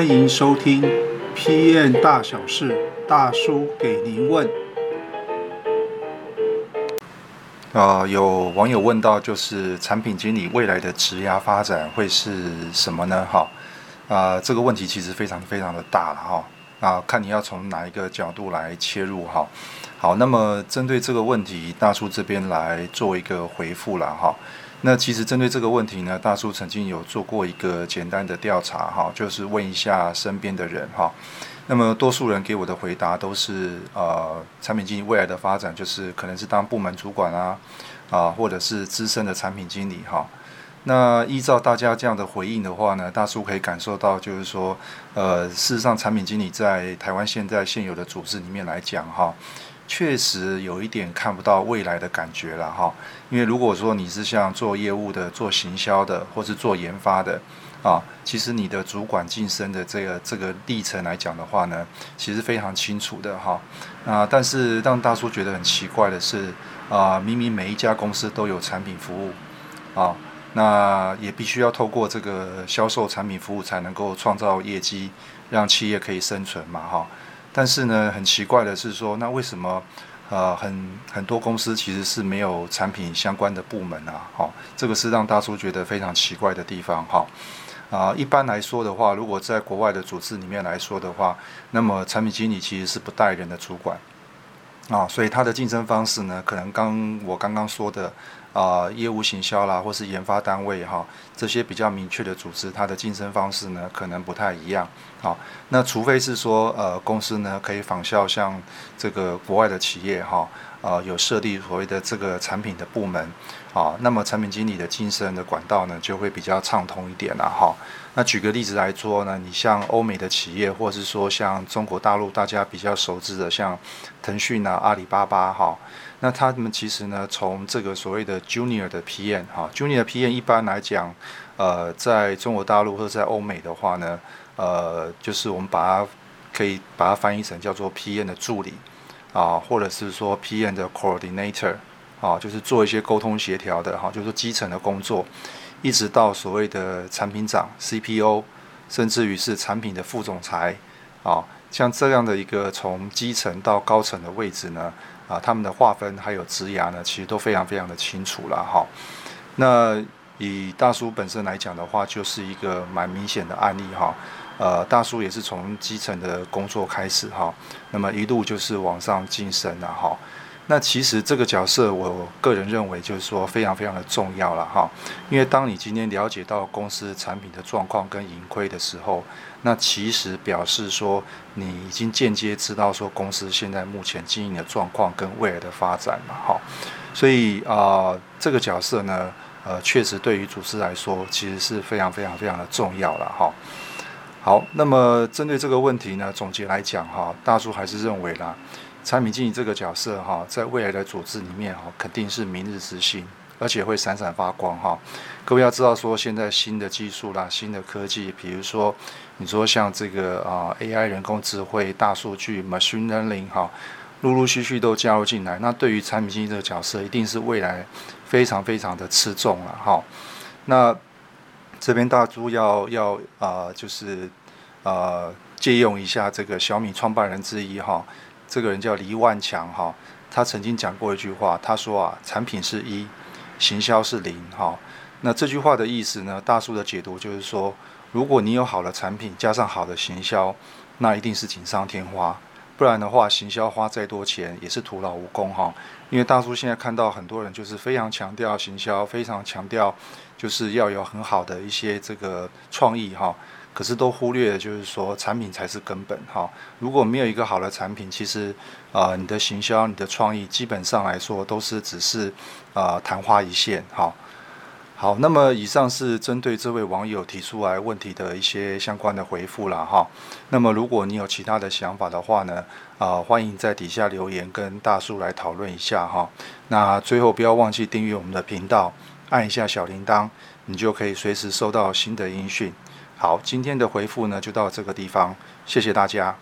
歡迎收聽《PM 大小事》，大叔給您問。啊、呃，有網友問到，就是產品經理未來的職涯發展會是什麼呢？哈、哦，啊、呃，這個問題其實非常非常的大哈、哦。啊，看你要從哪一個角度來切入哈。哦好，那麼針對這個問題，大叔這邊來做一個回復了哈。那其實針對這個問題呢，大叔曾經有做過一個簡單的調查哈，就是問一下身邊的人哈。那麼多數人給我的回答都是呃，產品經理未來的發展就是可能是當部門主管啊，啊或者是資深的產品經理哈。那依照大家這樣的回應的話呢，大叔可以感受到就是說，呃，事實上產品經理在台灣現在現有的組織裡面來講哈。確實有一點看不到未來的感覺了哈，因為如果說你是像做業務的、做行銷的，或是做研發的，啊，其實你的主管晉升的這個這個歷程來講的話呢，其實非常清楚的哈。啊，但是讓大叔覺得很奇怪的是，啊，明明每一家公司都有產品服務，啊，那也必須要透過這個銷售產品服務才能夠創造業績，讓企業可以生存嘛哈。但是呢，很奇怪的是說，那為什麼，呃，很很多公司其實是沒有產品相關的部門啊？好、哦，這個是讓大叔覺得非常奇怪的地方哈。啊、哦呃，一般來說的話，如果在國外的組織裡面來說的話，那麼產品經理其實是不帶人的主管啊、哦，所以他的晉升方式呢，可能剛我剛剛說的。啊、呃，業務行銷啦，或是研發單位哈、哦，這些比較明確的組織，它的晉升方式呢，可能不太一樣啊、哦。那除非是說，呃，公司呢可以仿效像這個國外的企業哈，啊、哦呃，有設立所謂的這個產品的部門啊、哦，那麼產品經理的晉升的管道呢，就會比較暢通一點了、啊、哈、哦。那舉個例子來說呢，你像歐美的企業，或是說像中國大陸大家比較熟知的，像騰訊啊、阿里巴巴哈、哦，那他們其實呢，從這個所謂的 Junior 的 PM 哈，Junior 的 PM 一般來講，呃，在中國大陸或者在歐美的話呢，呃，就是我們把它可以把它翻譯成叫做 PM 的助理啊，或者是說 PM 的 Coordinator 啊，就是做一些溝通協調的哈，就是基層的工作，一直到所謂的產品長 CPO，甚至於是產品的副總裁啊，像這樣的一個從基層到高層的位置呢。啊，他們的劃分還有職涯呢，其實都非常非常的清楚了哈、哦。那以大叔本身來講的話，就是一個蠻明顯的案例哈、哦。呃，大叔也是從基層的工作開始哈、哦，那麼一路就是往上晉升了哈。哦。那其實這個角色，我個人認為就是說非常非常的重要了哈。因為當你今天了解到公司產品的狀況跟盈虧的時候，那其實表示說你已經間接知道說公司現在目前經營的狀況跟未來的發展了哈。所以啊，呃，這個角色呢，呃，確實對於主持人來說，其實是非常非常非常的重要了哈。好，那麼針對這個問題呢，總結來講哈，大叔還是認為啦。產品經理這個角色哈，在未來的組織裡面哈，肯定是明日之星，而且會閃閃發光哈。各位要知道說，現在新的技術啦、新的科技，比如說你說像這個啊 AI、人工智慧、大數據、machine learning 哈、啊，陸陸續續都加入進來，那對於產品經理這個角色，一定是未來非常非常的吃重了哈、啊。那這邊大叔要要啊、呃，就是啊、呃，借用一下這個小米創辦人之一哈。啊這個人叫黎萬強哈、哦，他曾經講過一句話，他說啊，產品是一，行銷是零哈、哦。那這句話的意思呢，大叔的解讀就是說，如果你有好的產品，加上好的行銷，那一定是錦上添花，不然的話，行銷花再多錢也是徒勞無功哈、哦。因為大叔現在看到很多人就是非常強調行銷，非常強調就是要有很好的一些這個創意哈。哦可是都忽略的就是說，產品才是根本哈、哦。如果沒有一個好的產品，其實，呃，你的行銷、你的創意，基本上來說都是只是，呃，曇花一現哈、哦。好，那麼以上是針對這位網友提出來問題的一些相關的回復了哈。那麼如果你有其他的想法的話呢，呃，歡迎在底下留言跟大叔來討論一下哈、哦。那最後不要忘記訂閱我們的頻道，按一下小鈴鐺，你就可以隨時收到新的音訊。好，今天的回復呢，就到這個地方，謝謝大家。